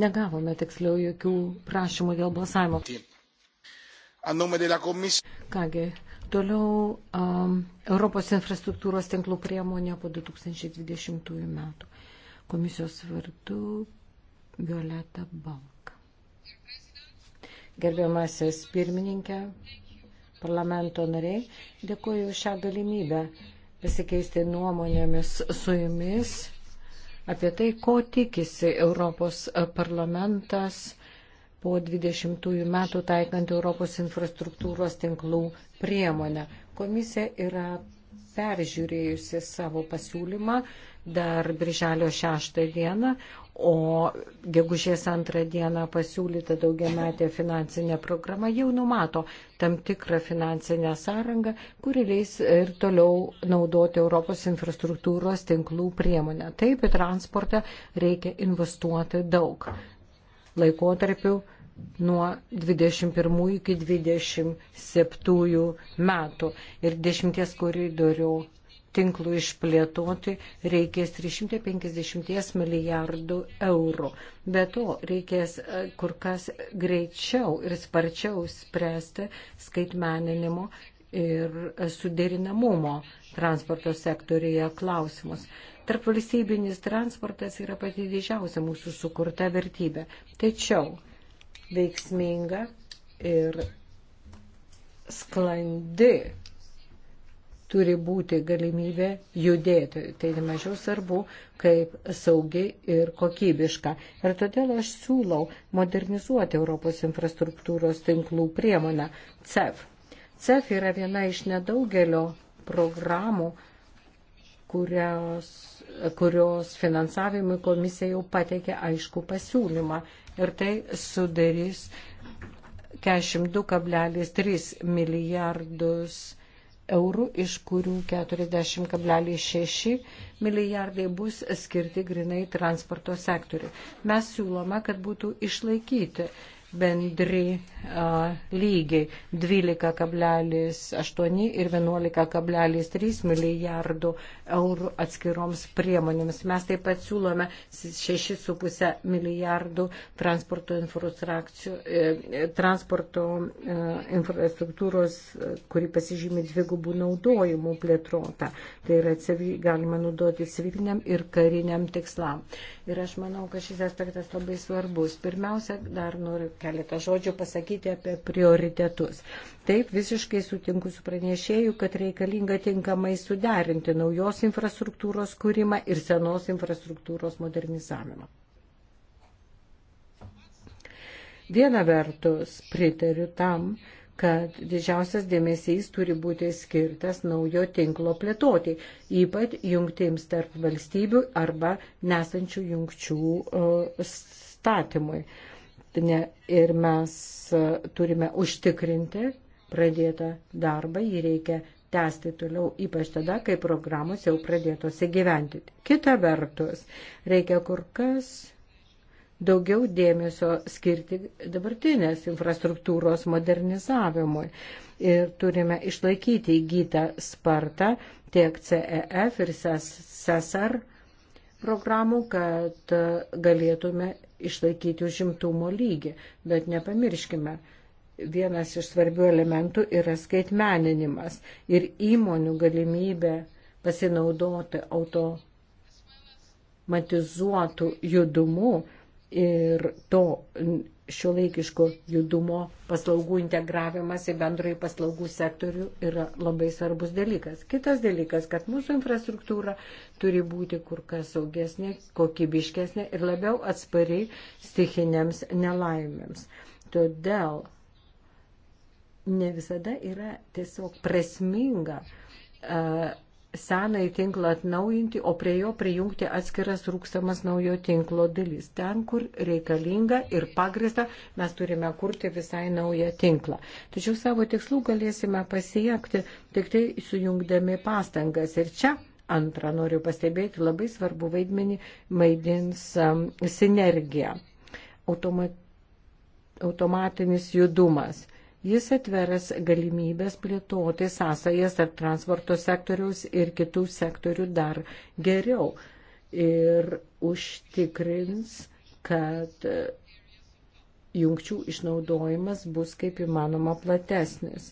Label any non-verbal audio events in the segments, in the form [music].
negavome tiksliau jokių prašymų dėl balsavimo. Kągi, toliau um, Europos infrastruktūros tinklų priemonė po 2020 metų. Komisijos vardu Violeta Balk. Gerbiamasis pirmininkė, parlamento nariai, dėkuoju šią galimybę pasikeisti nuomonėmis su jumis apie tai, ko tikisi Europos parlamentas po 20 metų taikant Europos infrastruktūros tinklų priemonę. Komisija yra peržiūrėjusi savo pasiūlymą dar birželio 6 dieną, o gegužės antrą dieną pasiūlyta daugiametė finansinė programa jau numato tam tikrą finansinę sąrangą, kuri leis ir toliau naudoti Europos infrastruktūros tinklų priemonę. Taip į transportą reikia investuoti daug. Laikotarpiu nuo 21 iki 27 metų ir 10 koridorių tinklų išplėtoti reikės 350 milijardų eurų. Be to, reikės e, kur kas greičiau ir sparčiau spręsti skaitmeninimo ir suderinamumo transporto sektorija klausimus. Tarp valstybinis transportas yra pati didžiausia mūsų sukurta vertybė. Tačiau veiksminga ir sklandi turi būti galimybė judėti. Tai nemažiau svarbu, kaip saugi ir kokybiška. Ir todėl aš siūlau modernizuoti Europos infrastruktūros tinklų priemonę CEF. CEF yra viena iš nedaugelio programų, kurios, kurios finansavimui komisija jau pateikė aišku pasiūlymą. Ir tai sudarys 42,3 milijardus eurų eurų, iš kurių 40,6 milijardai bus skirti grinai transporto sektoriui. Mes siūloma, kad būtų išlaikyti bendri uh, lygiai 12,8 ir 11,3 milijardų eurų atskiroms priemonėms. Mes taip pat siūlome 6,5 milijardų transporto, e, e, transporto uh, infrastruktūros, uh, kuri pasižymi dvigubų naudojimų plėtrotą. Tai yra galima naudoti civiliniam ir kariniam tikslam. Ir aš manau, kad šis aspektas labai svarbus. Pirmiausia, dar noriu keletą žodžių pasakyti apie prioritetus. Taip, visiškai sutinku su pranešėju, kad reikalinga tinkamai suderinti naujos infrastruktūros kūrimą ir senos infrastruktūros modernizavimą. Viena vertus pritariu tam, kad didžiausias dėmesys turi būti skirtas naujo tinklo plėtoti, ypač jungtims tarp valstybių arba nesančių jungčių statymui. Uh, ne, ir mes e, turime užtikrinti pradėtą darbą, jį reikia tęsti toliau, ypač tada, kai programos jau pradėtos įgyvendyti. Kita vertus, reikia kur kas daugiau dėmesio skirti dabartinės infrastruktūros modernizavimui. Ir turime išlaikyti įgytą spartą tiek CEF ir CESAR programų, kad galėtume išlaikyti užimtumo lygį. Bet nepamirškime, vienas iš svarbių elementų yra skaitmeninimas ir įmonių galimybė pasinaudoti automatizuotų judumų ir to šiuolaikiško judumo paslaugų integravimas į bendrąjį paslaugų sektorių yra labai svarbus dalykas. Kitas dalykas, kad mūsų infrastruktūra turi būti kur kas saugesnė, kokybiškesnė ir labiau atspariai stichinėms nelaimėms. Todėl ne visada yra tiesiog prasminga uh, senąjį tinklą atnaujinti, o prie jo prijungti atskiras rūkstamas naujo tinklo dalis. Ten, kur reikalinga ir pagrista, mes turime kurti visai naują tinklą. Tačiau savo tikslų galėsime pasiekti tik tai sujungdami pastangas. Ir čia antrą noriu pastebėti, labai svarbu vaidmenį maidins um, sinergija, automa automatinis judumas. Jis atveras galimybės plėtoti sąsajas tarp transporto sektoriaus ir kitų sektorių dar geriau ir užtikrins, kad e, jungčių išnaudojimas bus kaip įmanoma platesnis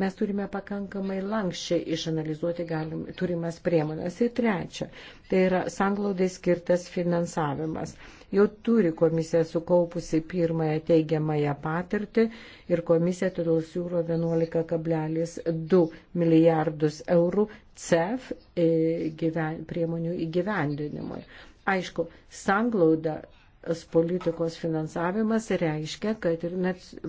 mes turime pakankamai lankščiai išanalizuoti galim, turimas priemonės. Ir trečia, tai yra sanglaudai skirtas finansavimas. Jau turi komisija sukaupusi pirmąją teigiamąją patirtį ir komisija todėl siūlo 11,2 milijardus eurų CEF gyven, priemonių įgyvendinimui. Aišku, sanglauda politikos finansavimas reiškia, kad ir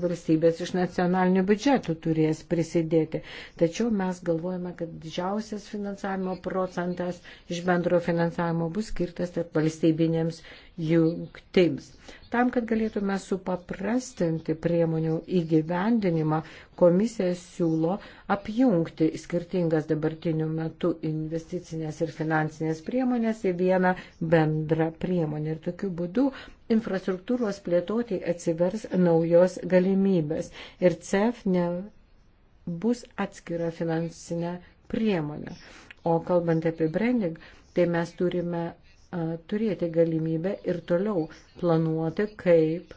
valstybės iš nacionalinių biudžetų turės prisidėti. Tačiau mes galvojame, kad didžiausias finansavimo procentas iš bendro finansavimo bus skirtas tarp valstybinėms jungtims. Tam, kad galėtume supaprastinti priemonių įgyvendinimą, komisija siūlo apjungti skirtingas dabartinių metų investicinės ir finansinės priemonės į vieną bendrą priemonę. Ir tokiu būdu infrastruktūros plėtoti atsivers naujos galimybės. Ir CEF nebus atskira finansinė priemonė. O kalbant apie branding, tai mes turime turėti galimybę ir toliau planuoti, kaip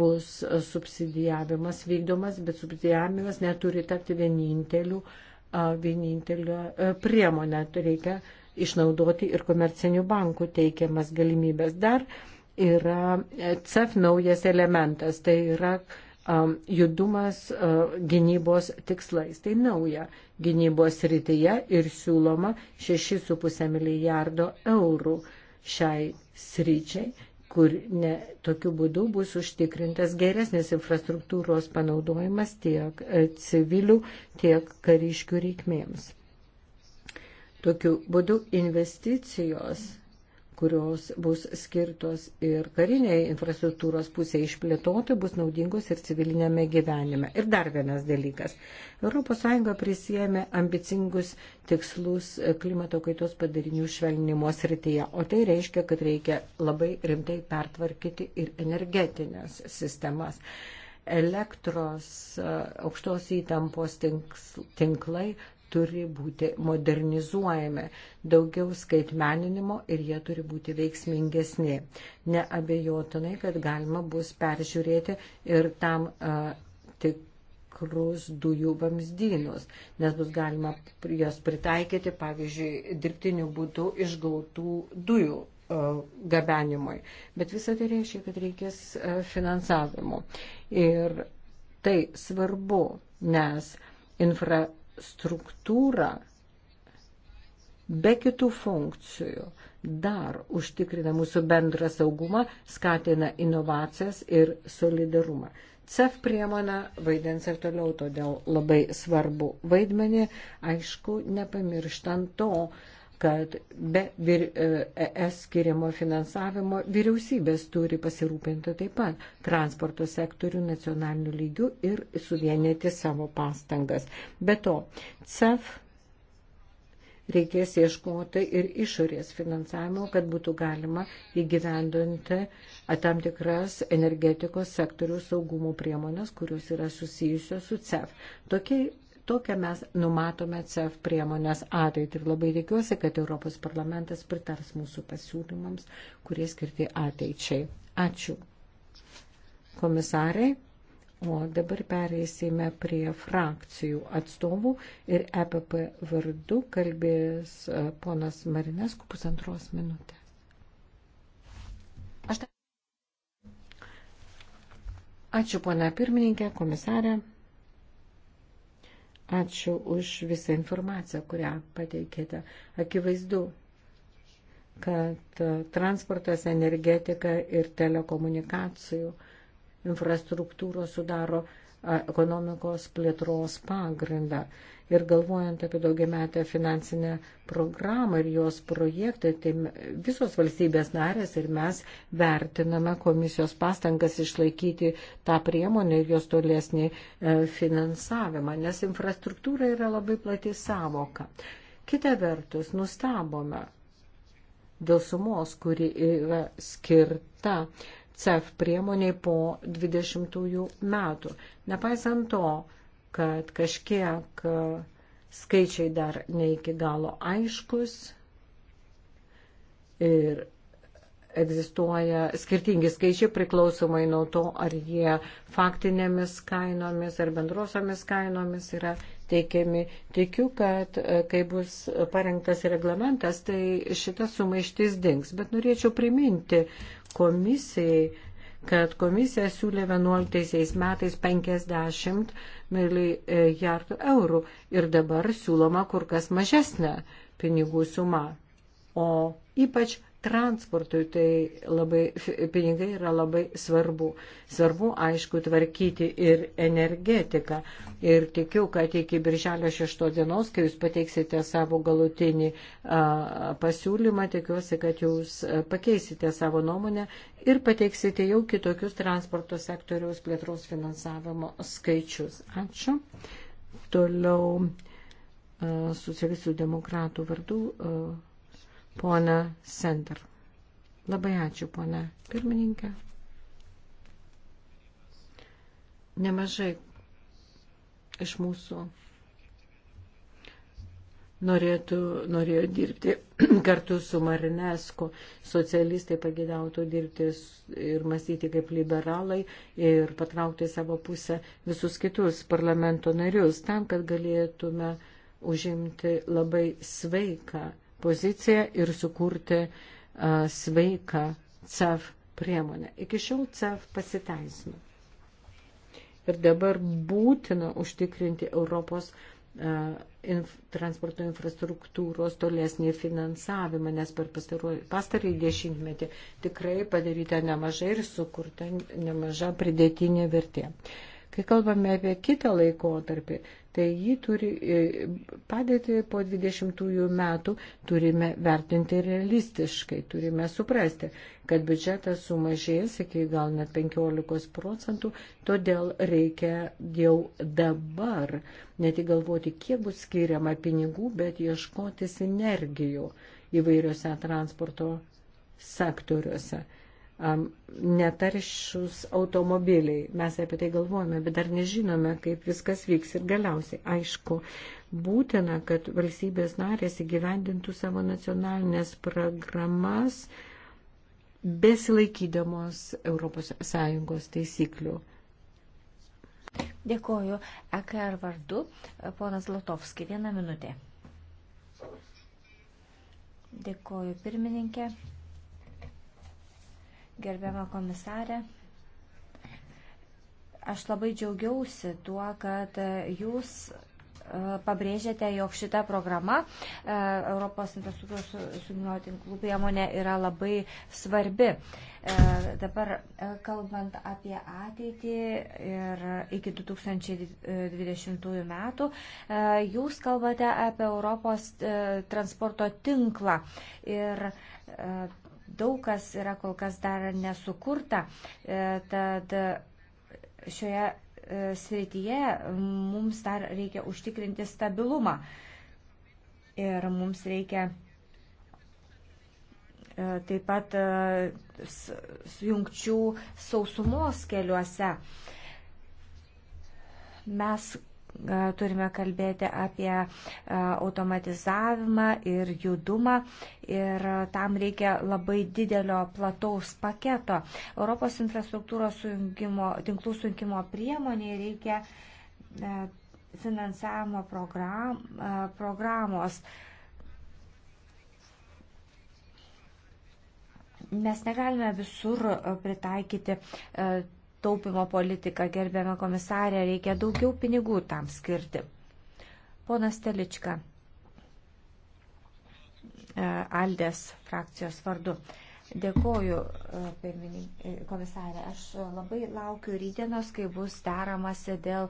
bus subsidijavimas vykdomas, bet subsidijavimas neturi tapti vieninteliu, vienintelio priemonę. Reikia išnaudoti ir komercinių bankų teikiamas galimybės. Dar yra CEF naujas elementas, tai yra judumas gynybos tikslais. Tai nauja gynybos rytyje ir siūloma 6,5 milijardo eurų šiai sryčiai, kur ne, tokiu būdu bus užtikrintas geresnis infrastruktūros panaudojimas tiek e, civilių, tiek kariškių reikmėms. Tokiu būdu investicijos kurios bus skirtos ir kariniai infrastruktūros pusėje išplėtoti, bus naudingos ir civilinėme gyvenime. Ir dar vienas dalykas. ES prisėmė ambicingus tikslus klimato kaitos padarinių švelnimo srityje, o tai reiškia, kad reikia labai rimtai pertvarkyti ir energetinės sistemas elektros aukštos įtampos tinklai turi būti modernizuojami, daugiau skaitmeninimo ir jie turi būti veiksmingesni. Neabejotinai, kad galima bus peržiūrėti ir tam uh, tik tikrus dujų vamzdynus, nes bus galima jas pritaikyti, pavyzdžiui, dirbtiniu būdu išgautų dujų gabenimui. Bet visą tai reiškia, kad reikės finansavimo. Ir tai svarbu, nes infra struktūra be kitų funkcijų dar užtikrina mūsų bendrą saugumą, skatina inovacijas ir solidarumą. CEF priemonė vaidins ir toliau, todėl labai svarbu vaidmenį, aišku, nepamirštant to, kad be vir, ES e skiriamo finansavimo vyriausybės turi pasirūpinti taip pat transporto sektorių nacionaliniu lygiu ir suvienyti savo pastangas. Be to, CEF reikės ieškoti ir išorės finansavimo, kad būtų galima įgyvendinti e, tam tikras energetikos sektorių saugumo priemonės, kurios yra susijusios su CEF. Tokiai Tokią mes numatome CEF priemonės ateitį ir labai tikiuosi, kad Europos parlamentas pritars mūsų pasiūlymams, kurie skirti ateičiai. Ačiū. Komisarai. O dabar pereisime prie frakcijų atstovų ir EPP vardu kalbės e, ponas Marinesku pusantros minutės. Aš... Ačiū, pona pirmininkė, komisarė. Ačiū už visą informaciją, kurią pateikėte. Akivaizdu, kad transportas, energetika ir telekomunikacijų infrastruktūros sudaro ekonomikos plėtros pagrindą. Ir galvojant apie daugiametę finansinę programą ir jos projektą, tai visos valstybės narės ir mes vertiname komisijos pastangas išlaikyti tą priemonę ir jos tolesnį e, finansavimą, nes infrastruktūra yra labai plati savoka. Kita vertus, nustabome dėl sumos, kuri yra skirta CEF priemoniai po 20 metų. Nepaisant to, kad kažkiek skaičiai dar ne iki galo aiškus ir egzistuoja skirtingi skaičiai priklausomai nuo to, ar jie faktinėmis kainomis ar bendrosiomis kainomis yra teikiami. Tikiu, kad e, kai bus parengtas reglamentas, tai šita sumaištis dings. Bet norėčiau priminti komisijai, kad komisija siūlė 11 metais 50 milijardų eurų ir dabar siūloma kur kas mažesnė pinigų suma. O ypač transportui tai labai, pinigai yra labai svarbu. Svarbu, aišku, tvarkyti ir energetiką. Ir tikiu, kad iki birželio 6 dienos, kai jūs pateiksite savo galutinį a, pasiūlymą, tikiuosi, kad jūs pakeisite savo nuomonę ir pateiksite jau kitokius transporto sektoriaus plėtros finansavimo skaičius. Ačiū. Toliau socialistų demokratų vardu. A, pona Sender. Labai ačiū, pone pirmininkė. Nemažai iš mūsų norėtų, norėjo dirbti [clears throat] kartu su Marinesku. Socialistai pagėdautų dirbti ir mąstyti kaip liberalai ir patraukti savo pusę visus kitus parlamento narius tam, kad galėtume užimti labai sveiką poziciją ir sukurti uh, sveiką CEF priemonę. Iki šiol CEF pasiteisino. Ir dabar būtina užtikrinti Europos uh, inf transporto infrastruktūros tolesnį finansavimą, nes per pastarąjį dešimtmetį tikrai padaryta nemažai ir sukurta nemaža pridėtinė vertė. Kai kalbame apie kitą laikotarpį, uh, tai jį turi e, padėti po 20 metų turime vertinti realistiškai, turime suprasti, kad biudžetas sumažės iki gal net 15 procentų, todėl reikia jau dabar ne tik galvoti, kiek bus skiriama pinigų, bet ieškoti sinergijų įvairiose transporto sektoriuose netaršus automobiliai. Mes apie tai galvojame, bet dar nežinome, kaip viskas vyks ir galiausiai. Aišku, būtina, kad valstybės narės įgyvendintų savo nacionalinės programas besilaikydamos ES taisyklių. Dėkoju. EKR vardu, ponas Lotovski, vieną minutę. Dėkoju pirmininkė gerbiama komisarė. Aš labai džiaugiausi tuo, kad jūs e, pabrėžėte, jog šita programa e, Europos infrastruktūros sujungimo tinklų priemonė yra labai svarbi. E, dabar kalbant apie ateitį ir iki 2020 metų, jūs kalbate apie Europos transporto tinklą ir daug kas yra kol kas dar nesukurta. E, tad šioje e, srityje mums dar reikia užtikrinti stabilumą. Ir mums reikia e, taip pat jungčių sausumos keliuose. Mes turime kalbėti apie automatizavimą ir judumą ir tam reikia labai didelio plataus paketo. Europos infrastruktūros sujungimo, tinklų sujungimo priemoniai reikia finansavimo program, programos. Mes negalime visur pritaikyti taupimo politiką, gerbiamą komisarę, reikia daugiau pinigų tam skirti. Ponas Telička, e, Aldės frakcijos vardu. Dėkoju, e, e, komisarė. Aš labai laukiu rydienos, kai bus daromasi dėl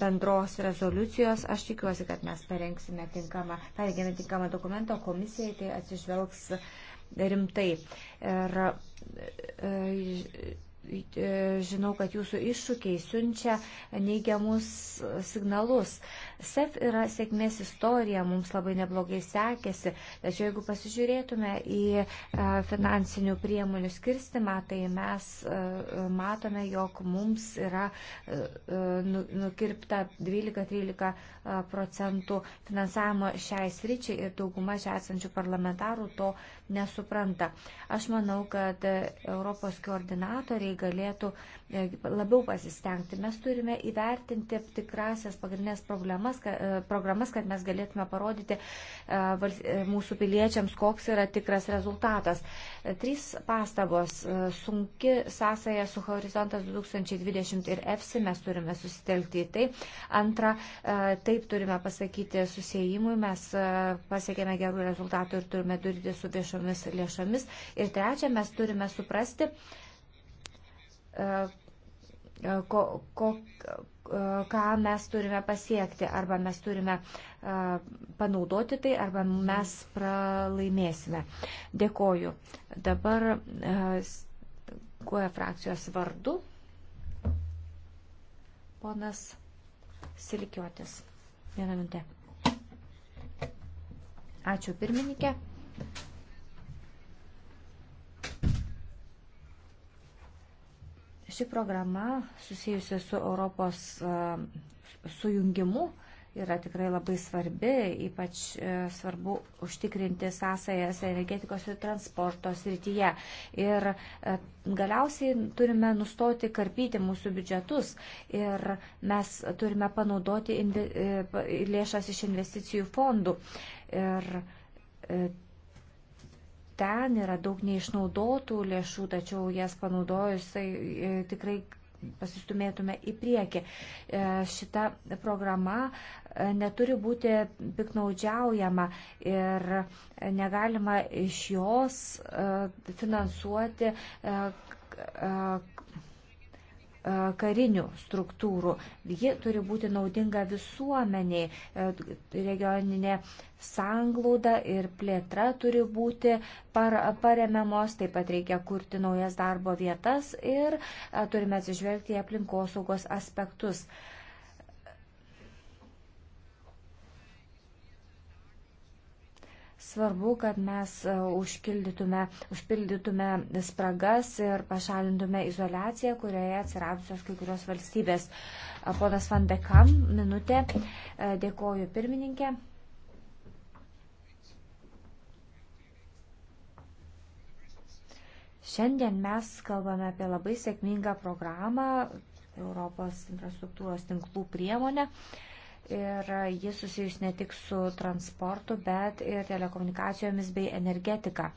bendros rezoliucijos. Aš tikiuosi, kad mes parengsime tinkamą, parengėme tinkamą dokumentą, komisijai tai atsižvelgs rimtai. Ir, žinau, kad jūsų iššūkiai siunčia neigiamus signalus. SEF yra sėkmės istorija, mums labai neblogai sekėsi, tačiau jeigu pasižiūrėtume į e, finansinių priemonių skirstimą, tai mes e, matome, jog mums yra e, nu, nukirpta 12-13 procentų finansavimo šiai sričiai ir dauguma čia esančių parlamentarų to nesupranta. Aš manau, kad Europos koordinatoriai galėtų E, labiau pasistengti. Mes turime įvertinti tikrasias pagrindinės problemas, e, programas, kad mes galėtume parodyti e, mūsų piliečiams, koks yra tikras rezultatas. Trys pastabos. Sunki sąsaja su Horizontas 2020 ir EFSI mes turime susitelkti į tai. Antra, taip turime pasakyti susijimui, mes pasiekėme gerų rezultatų ir turime durti su viešomis lėšomis. Ir trečia, mes turime suprasti, E, ko, ko, e, ką mes turime pasiekti. Arba mes turime e, panaudoti tai, arba mes pralaimėsime. Dėkoju. Dabar kuo frakcijos vardu ponas Silikiotis. Vieną minutę. Ačiū pirmininkė. Ši programa susijusi su Europos sujungimu yra tikrai labai svarbi, ypač e, svarbu užtikrinti sąsajas energetikos ir transporto srityje. Ir e, galiausiai turime nustoti karpyti mūsų biudžetus ir mes turime panaudoti e, lėšas iš investicijų fondų. Ir ten yra daug neišnaudotų lėšų, tačiau jas panaudojus tai e, tikrai pasistumėtume į priekį. E, šita programa e, neturi būti piknaudžiaujama ir negalima iš jos finansuoti E, karinių struktūrų. Ji turi būti naudinga visuomeniai. E, regioninė sanglauda ir plėtra turi būti par, paremiamos, taip pat reikia kurti naujas darbo vietas ir e, turime atsižvelgti į aplinkosaugos aspektus. Uh, Svarbu, kad mes e, užpildytume, užpildytume spragas ir pašalintume izolaciją, kurioje atsiradusios kai kurios valstybės. Ponas Van Dekam, minutė. E, dėkoju pirmininkė. Šiandien mes kalbame apie labai sėkmingą programą Europos infrastruktūros tinklų priemonę. Uh, ir jis susijus ne tik su transportu, bet ir telekomunikacijomis bei energetika.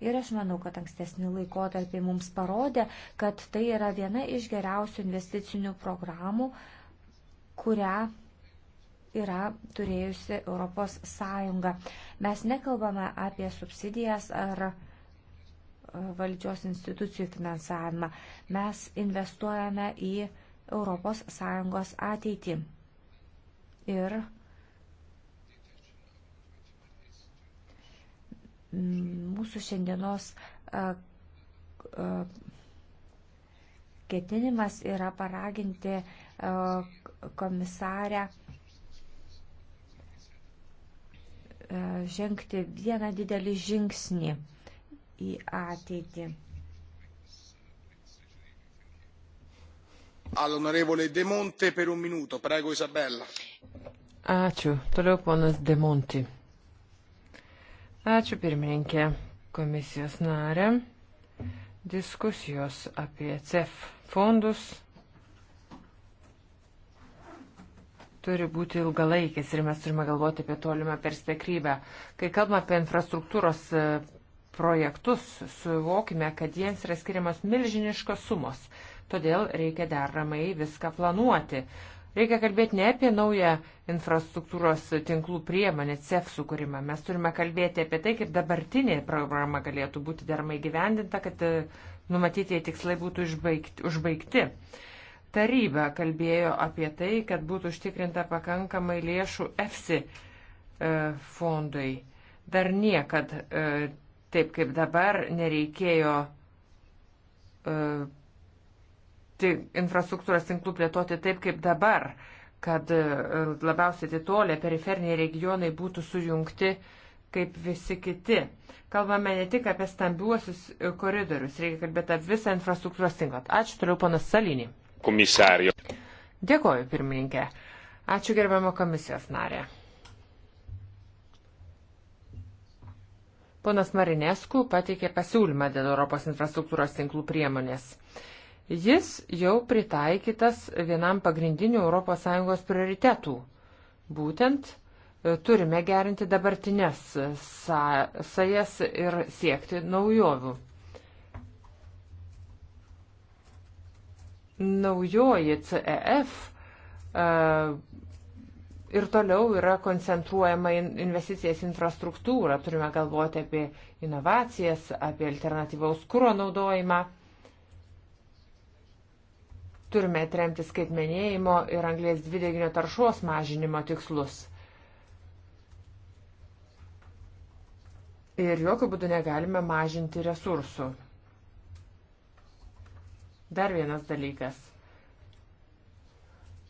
Ir aš manau, kad ankstesni laikotarpiai mums parodė, kad tai yra viena iš geriausių investicinių programų, kurią yra turėjusi Europos Sąjunga. Mes nekalbame apie subsidijas ar e, valdžios institucijų finansavimą. Mes investuojame į Europos Sąjungos ateitį ir mūsų šiandienos ketinimas yra paraginti komisarę žengti vieną didelį žingsnį į ateitį. All'onorevole De Monte per un minuto. Prego Isabella. Ačiū. Toliau ponas Demonti. Ačiū pirmininkė komisijos narė. Diskusijos apie CEF fondus turi būti ilgalaikis ir mes turime galvoti apie tolimą perspektyvę. Kai kalbame apie infrastruktūros e, projektus, suvokime, kad jiems yra skiriamas milžiniškos sumos. Todėl reikia deramai viską planuoti. Reikia kalbėti ne apie naują infrastruktūros tinklų priemonę CEF sukūrimą. Mes turime kalbėti apie tai, kaip dabartinė programa galėtų būti dermai gyvendinta, kad e, numatytieji tikslai būtų išbaigti, užbaigti. Taryba kalbėjo apie tai, kad būtų užtikrinta pakankamai lėšų EFSI e, fondui. Dar niekad, e, taip kaip dabar, nereikėjo infrastruktūros tinklų plėtoti taip, kaip dabar, kad e, labiausiai atitolę periferiniai regionai būtų sujungti kaip visi kiti. Kalbame ne tik apie stambiuosius e, koridorius, reikia kalbėti apie visą infrastruktūros tinklą. Ačiū toliau, panas Salinį. Komisario. Dėkoju, pirmininkė. Ačiū gerbiamo komisijos narė. Ponas Marinesku pateikė pasiūlymą dėl Europos infrastruktūros tinklų priemonės. Jis jau pritaikytas vienam pagrindinių ES prioritetų. Būtent e, turime gerinti dabartinės sajas ir siekti naujovių. Naujoji CEF e, ir toliau yra koncentruojama investicijas infrastruktūrą. Turime galvoti apie inovacijas, apie alternatyvaus kūro naudojimą. Turime atremti skaitmenėjimo ir anglės dvideginio taršos mažinimo tikslus. Ir jokių būdų negalime mažinti resursų. Dar vienas dalykas.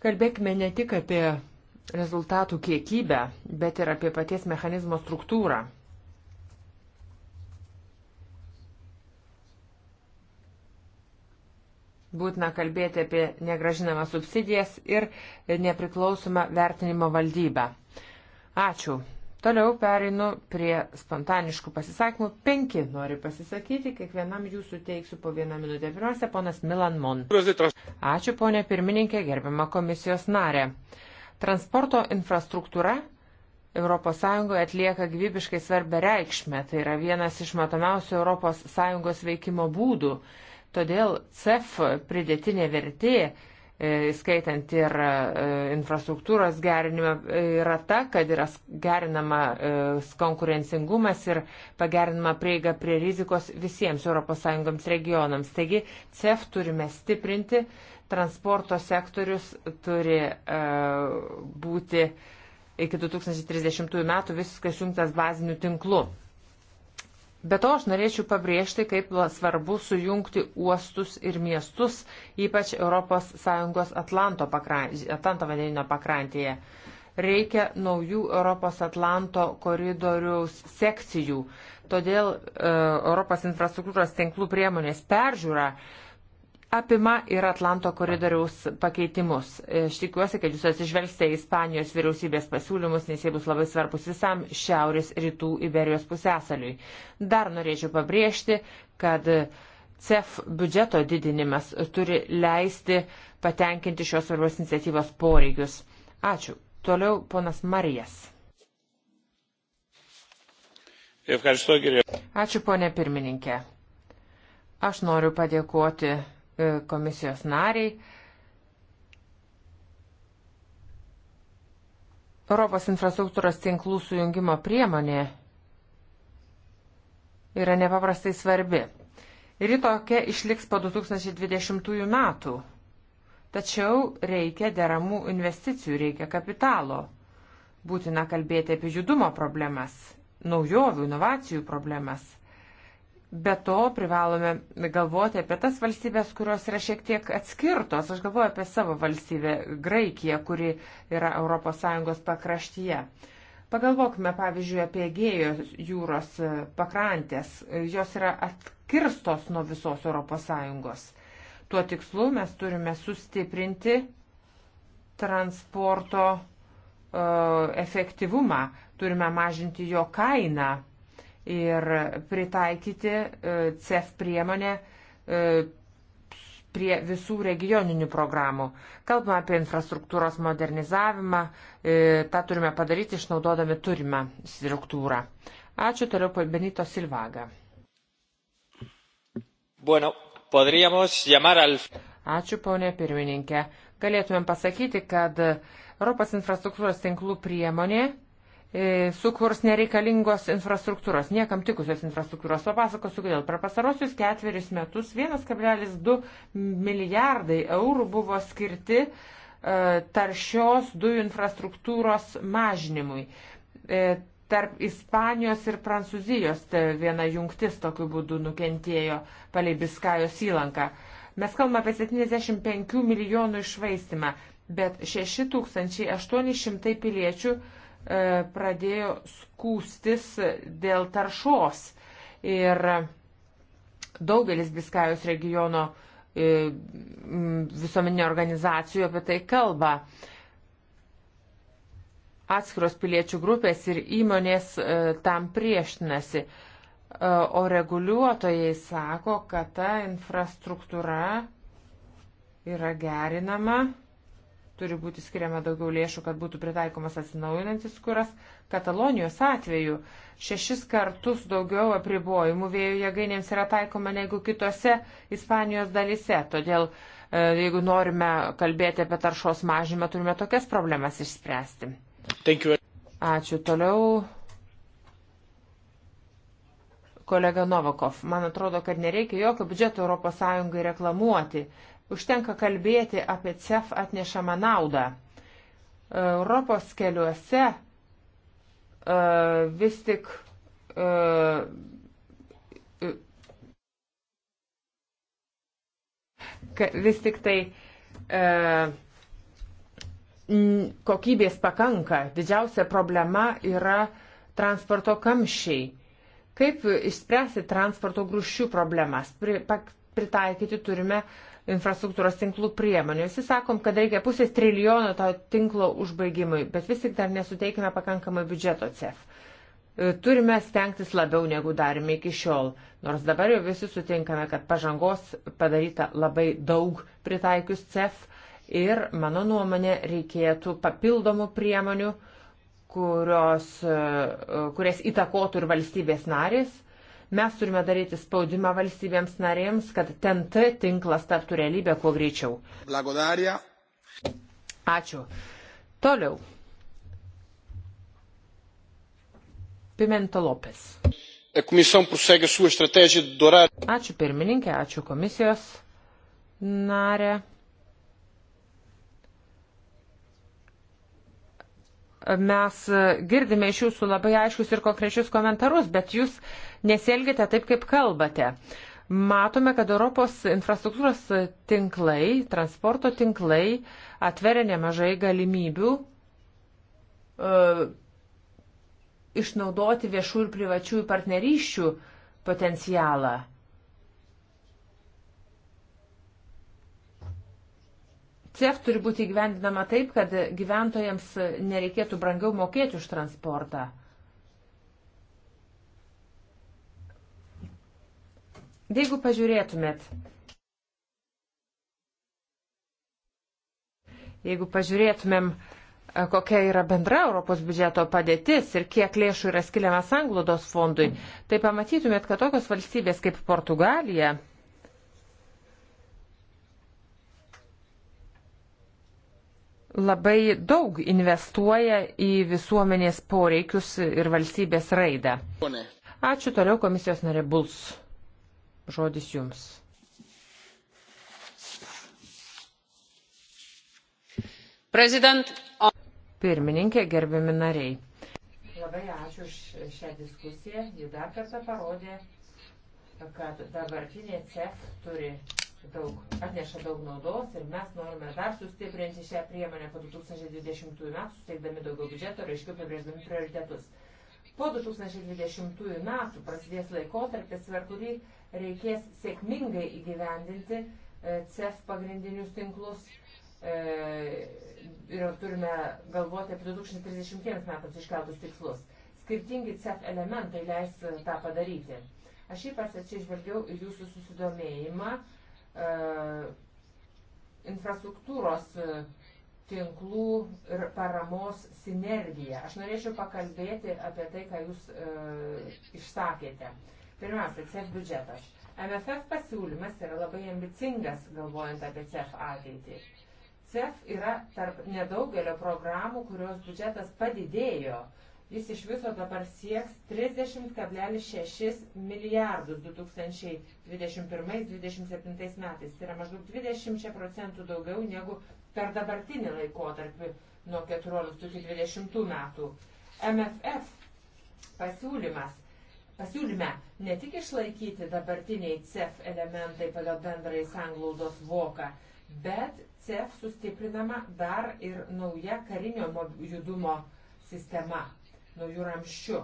Kalbėkime ne tik apie rezultatų kiekybę, bet ir apie paties mechanizmo struktūrą. Būtina kalbėti apie negražinamą subsidijas ir nepriklausomą vertinimo valdybą. Ačiū. Toliau pereinu prie spontaniškų pasisakymų. Penki noriu pasisakyti, kiekvienam jūsų teiksiu po vieną minutę. Pirmiausia, ponas Milan Mon. Ačiū, ponė pirmininkė, gerbiama komisijos narė. Transporto infrastruktūra ES atlieka gyvybiškai svarbę reikšmę. Tai yra vienas iš matomiausių ES veikimo būdų. Todėl CEF pridėtinė vertė, e, skaitant ir e, infrastruktūros gerinimą, e, yra ta, kad yra gerinama konkurencingumas ir pagerinama prieiga prie rizikos visiems ES regionams. Taigi CEF turime stiprinti, transporto sektorius turi būti iki 2030 metų visiškai šimtas bazinių tinklų. Be to aš norėčiau pabrėžti, kaip svarbu sujungti uostus ir miestus, ypač ES Atlanto, pakrantė, Atlanto vandenino pakrantėje. Reikia naujų Europos Atlanto koridoriaus sekcijų. Todėl e, Europos infrastruktūros tinklų priemonės peržiūra e, apima ir Atlanto koridoriaus pakeitimus. Aš tikiuosi, kad jūs atsižvelgsite į Ispanijos vyriausybės pasiūlymus, nes jie bus labai svarbus visam šiaurės rytų Iberijos pusėsaliui. Dar norėčiau pabrėžti, kad CEF biudžeto didinimas turi leisti patenkinti šios svarbios iniciatyvos poreikius. Ačiū. Toliau ponas Marijas. Ačiū, ponė pirmininkė. Aš noriu padėkoti E, komisijos nariai. Europos infrastruktūros tinklų sujungimo priemonė yra nepaprastai svarbi. Ir ji tokia išliks po 2020 metų. Tačiau reikia deramų investicijų, reikia kapitalo. Būtina kalbėti apie judumo problemas, naujovių, inovacijų problemas – Be to privalome galvoti apie tas valstybės, kurios yra šiek tiek atskirtos. Aš galvoju apie savo valstybę Graikiją, kuri yra ES pakraštyje. Pagalvokime, pavyzdžiui, apie Egėjo jūros pakrantės. Jos yra atkirstos nuo visos ES. Tuo tikslu mes turime sustiprinti transporto uh, efektyvumą, turime mažinti jo kainą ir pritaikyti e, CEF priemonę e, prie visų regioninių programų. Kalbame apie infrastruktūros modernizavimą, e, tą turime padaryti išnaudodami turimą struktūrą. Ačiū toliau Benito Silvaga. Bueno, podríamos llamar al... Ačiū, ponė pirmininkė. Galėtumėm pasakyti, kad Europos infrastruktūros tinklų priemonė E, sukurs nereikalingos infrastruktūros, niekam tikusios infrastruktūros. Papasakosiu, kodėl per pasarosius ketverius metus 1,2 milijardai eurų buvo skirti e, taršios dujų infrastruktūros mažinimui. E, tarp Ispanijos ir Prancūzijos viena jungtis tokiu būdu nukentėjo palei Biskajos įlanką. Mes kalbame apie 75 milijonų išvaistimą, bet 6800 piliečių uh, E, pradėjo skūstis dėl taršos. Ir daugelis Biskajos regiono e, visuomeninio organizacijų apie tai kalba. Atskiros piliečių grupės ir įmonės e, tam priešinasi. O reguliuotojai sako, kad ta infrastruktūra yra gerinama turi būti skiriama daugiau lėšų, kad būtų pritaikomas atsinaujinantis kuras. Katalonijos atveju šešis kartus daugiau apribojimų vėjo jėgainėms yra taikoma negu kitose Ispanijos dalise. Todėl, e, jeigu norime kalbėti apie taršos mažymą, turime tokias problemas išspręsti. Ačiū. Toliau. Kolega Novakov, man atrodo, kad nereikia jokio biudžeto ES reklamuoti Užtenka kalbėti apie CEF atnešamą naudą. Europos keliuose uh, vis tik uh, vis tik tai uh, kokybės pakanka. Didžiausia problema yra transporto kamščiai. Kaip išspręsti transporto grūšių problemas? Pri, pak, pritaikyti turime uh, infrastruktūros tinklų priemonių. Visi sakom, kad reikia pusės trilijono to tinklo užbaigimui, bet vis tik dar nesuteikime pakankamai biudžeto CEF. E, turime stengtis labiau negu darėme iki šiol, nors dabar jau visi sutinkame, kad pažangos padaryta labai daug pritaikius CEF ir, mano nuomonė, reikėtų papildomų priemonių, kurios, e, kurias įtakotų ir valstybės narės Mes turime daryti spaudimą valstybėms narėms, kad TNT tinklas taptų realybę kuo greičiau. Blagodarija. Ačiū. Toliau. Pimento Lopes. Ačiū pirmininkė, ačiū komisijos narė. mes girdime iš jūsų labai aiškius ir konkrečius komentarus, bet jūs nesielgite taip, kaip kalbate. Matome, kad Europos infrastruktūros tinklai, transporto tinklai atveria nemažai galimybių uh, išnaudoti viešų ir privačiųjų partnerysčių potencialą. Uh, CEF turi būti įgyvendinama taip, kad gyventojams nereikėtų brangiau mokėti už transportą. Jeigu pažiūrėtumėt, jeigu pažiūrėtumėm, e, kokia yra bendra Europos biudžeto padėtis ir kiek lėšų yra skiliama sanglodos fondui, tai pamatytumėt, kad tokios valstybės kaip Portugalija, labai daug investuoja į visuomenės poreikius ir valstybės raidą. Ačiū toliau komisijos narė Buls. Žodis jums. President... Pirmininkė, gerbiami nariai. Labai ačiū už šią diskusiją. Ji dar kartą parodė, kad dabartinė CEF turi daug, atneša daug naudos ir mes norime dar sustiprinti šią priemonę po 2020 metų, suteikdami daugiau biudžeto ir aiškiau apibrėždami prioritetus. Po 2020 metų prasidės laikotarpis, per kurį reikės sėkmingai įgyvendinti e, CEF pagrindinius tinklus e, ir turime galvoti apie 2030 metams iškeltus tikslus. Skirtingi CEF elementai leis e, tą padaryti. Aš ypač atsižvelgiau į jūsų susidomėjimą E, infrastruktūros e, tinklų ir paramos sinergiją. Aš norėčiau pakalbėti apie tai, ką jūs e, išsakėte. Pirmiausia, CEF biudžetas. MFF pasiūlymas yra labai ambicingas, galvojant apie CEF ateitį. CEF yra tarp nedaugelio programų, kurios biudžetas padidėjo. E, jis iš viso dabar sieks 30,6 milijardus 2021-2027 metais. Tai yra maždaug 20 procentų daugiau negu per dabartinį laikotarpį nuo 14 iki 20 metų. MFF pasiūlymas. Pasiūlyme ne tik išlaikyti dabartiniai CEF elementai pagal bendrąjį sanglaudos voką, bet CEF sustiprinama dar ir nauja karinio judumo sistema naujų ramščių.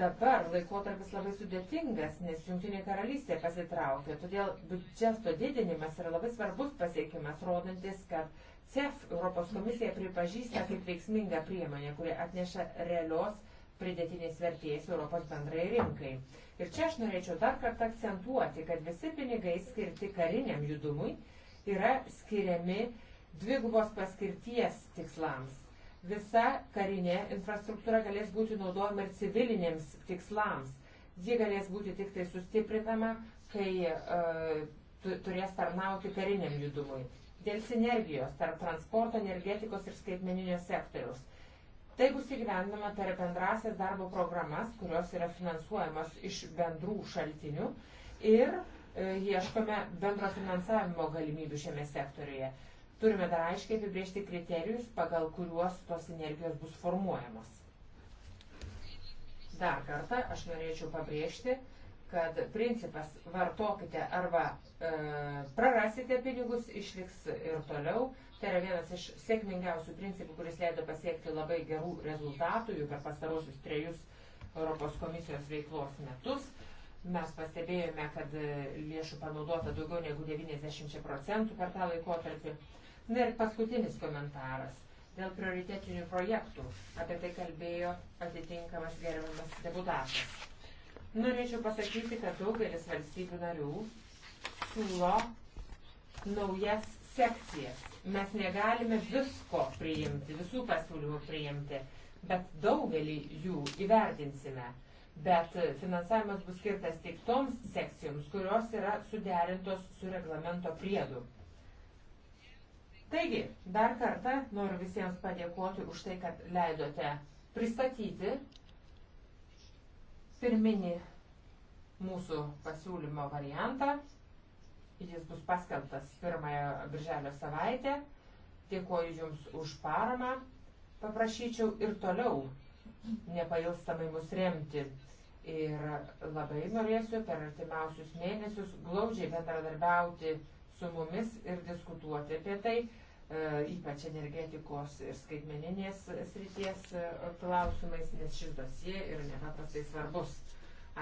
Dabar laikotarpis labai sudėtingas, nes Junktinė karalystė pasitraukė, todėl biudžeto didinimas yra labai svarbus pasiekimas, rodantis, kad CEF Europos komisija pripažįsta kaip veiksmingą priemonę, kuri atneša realios pridėtinės vertės Europos bendrai rinkai. Ir čia aš norėčiau dar kartą akcentuoti, kad visi pinigai skirti kariniam judumui yra skiriami dvigubos paskirties tikslams Visa karinė infrastruktūra galės būti naudojama ir civilinėms tikslams. Ji galės būti tik tai sustiprinama, kai uh, turės tarnauti kariniam judumui. Dėl sinergijos tarp transporto, energetikos ir skaitmeninio sektoriaus. Tai bus įgyvendama per bendrasias darbo programas, kurios yra finansuojamas iš bendrų šaltinių ir e, ieškome bendro finansavimo galimybių šiame sektoriuje. Turime dar aiškiai apibriežti kriterijus, pagal kuriuos tos energijos bus formuojamos. Dar kartą aš norėčiau pabrėžti, kad principas vartokite arba e, prarasite pinigus išliks ir toliau. Tai yra vienas iš sėkmingiausių principų, kuris leido pasiekti labai gerų rezultatų jau per pastarosius trejus Europos komisijos veiklos metus. Mes pastebėjome, kad e, lėšų panaudota daugiau negu 90 procentų per tą laikotarpį. Na ir paskutinis komentaras dėl prioritetinių projektų. Apie tai kalbėjo atitinkamas gerbiamas deputatas. Norėčiau pasakyti, kad daugelis valstybių narių siūlo naujas sekcijas. Mes negalime visko priimti, visų pasiūlymų priimti, bet daugelį jų įvertinsime. Bet finansavimas bus skirtas tik toms sekcijoms, kurios yra suderintos su reglamento priedu. Taigi, dar kartą noriu visiems padėkoti už tai, kad leidote pristatyti pirminį mūsų pasiūlymo variantą. Jis bus paskelbtas pirmąją birželio savaitę. Dėkuoju Jums už paramą. Paprašyčiau ir toliau nepailstamai mus remti. Ir labai norėsiu per artimiausius mėnesius glaudžiai bendradarbiauti su mumis ir diskutuoti apie tai, E, ypač energetikos ir skaitmeninės srities e, klausimais, nes šis dosie yra nepaprastai svarbus.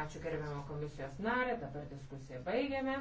Ačiū gerbiamo komisijos narė, dabar diskusiją baigiame.